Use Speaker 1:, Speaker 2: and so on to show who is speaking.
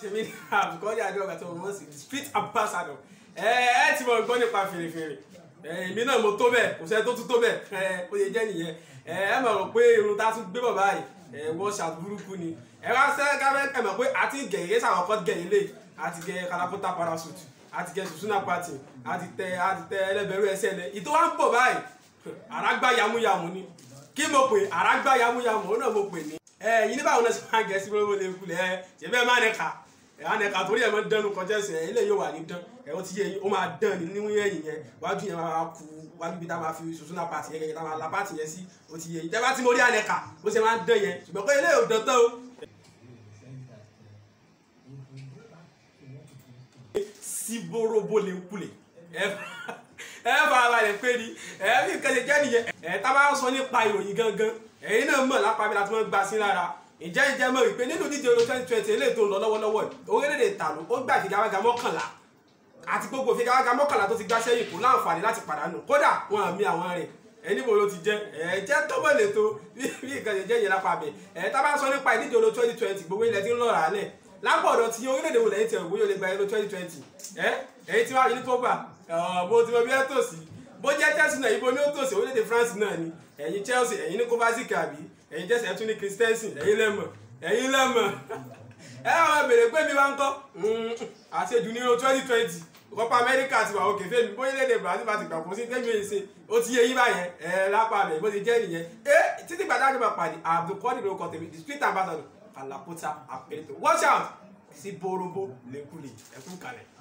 Speaker 1: tèmi ní àbùkọ́jà àdúrà tó wọ́n sì street ambassador ẹ ẹ ti mọ̀ gbọ́ nípa fèrèfèrè èmi náà mo tó bẹ́ẹ̀ kò sẹ́ tó tún tó bẹ́ẹ̀ ẹ ó yẹ jẹ́ nìyẹn ẹ ẹ mọ̀ pé irun tá a tún gbé bọ̀ báyìí ẹ wọ́n ṣàbúrúkú ni ẹ wá sẹ́ káfẹ́ ẹ mọ̀ pé àti gẹ̀yẹ́ sàwọn kọ́ gẹ̀yẹ́ lé àti gẹ̀ kalakuta parasuit àti gẹ̀ susuna party àti tẹ àti tẹ ẹlẹ́bẹ̀rú ẹsẹ̀ lẹ ìtò wa ń bọ̀ báyìí àràgbá yamuyamu ni kí mo pè àràgbá yamuyamu ó náà mo pè ní ẹ yìí ní báwo náà ṣe ànẹ̀ka torí ẹ̀ máa ń dánu kọjá ẹ̀sìn ẹ̀yìn lè yóò wà ní dán ẹ̀rọ ti yé ó máa dán ní níwọ̀n ẹ̀yìn yẹn wájú yẹn máa ku wájú bí tá a máa fi sùsùn náà pàtì yẹn kẹ̀kẹ́ tá a máa la pàtì yẹn sí ó ti yé ìjẹ́ bá ti mórí ànẹ̀ka ó sì máa ń dán yẹn ṣùgbọ́n pé ilé yóò dán tán o. síbóróbó lè kulè ẹ fara balẹ̀ pé ni ẹ fi kẹsẹ̀ jẹ́ nìyẹn ẹ tá a bá sọ nípa ìròyìn gangan ẹ̀yin náà mọ̀ lápá ǹjẹ́ ǹjẹ́ mọ̀ ìpè nínú díje euro twenty twenty eléyìí tó ń lọ lọ́wọ́lọ́wọ́ orílẹ̀-èdè ìtàlù ó gbà figagbága mọ́kànlá àti gbogbo figagbága mọ́kànlá tó ti gbá sẹ́yìn kò láǹfààní láti pàdánù kódà wọn àmì àwọn rẹ̀ ẹni mo ló ti jẹ ẹ̀ẹ́jẹ́ tó mọ̀ lè tó bí nǹkan ṣe jẹ́ yẹn lápá bẹ̀ ẹ̀ tá bá ń sọ nípa ìdíje euro twenty twenty gbogbo ilẹ̀ tí ń lọ́ra alẹ̀ lápọ̀dọ̀ tí orílẹ̀-èdè wò lẹ́yìn tí ẹ̀wò yóò lè gba euro twenty twenty ẹ̀ èyí tí wàá rí ní tó gbà bó ti mọ bí ẹ tòsí bó jẹ́ Chelsea náà ibo ní ó tòsí orílẹ̀-èdè France náà ni ẹ̀yin Chelsea ẹ̀yin ní kovacic àbí ẹ̀yin tẹ̀sẹ̀ tún ní kristẹ́nsì ẹ̀yin lẹ́mọ̀ ẹ̀yin lẹ́mọ̀ ẹ àwọn béèrè pé mi wá ń kọ́ hmm, àti èdè ní ọdún twenty twenty Copa America ti wà òkè fèmí bóyá lédè Brazil bá ti gbà kó sí tẹ́mi èyí ṣe ó ti yé yí báyẹn ẹ lápá rẹ̀ bó ti jẹ́ nìyẹn ẹ títí gbàdá àdúgbò pàdé Abdulkadir ló kọ tèmi district ambassador Kalakuta Apẹ̀lẹ́tọ̀ watch out sí borobo lẹ́kùlẹ̀ ẹ̀kú kalẹ̀.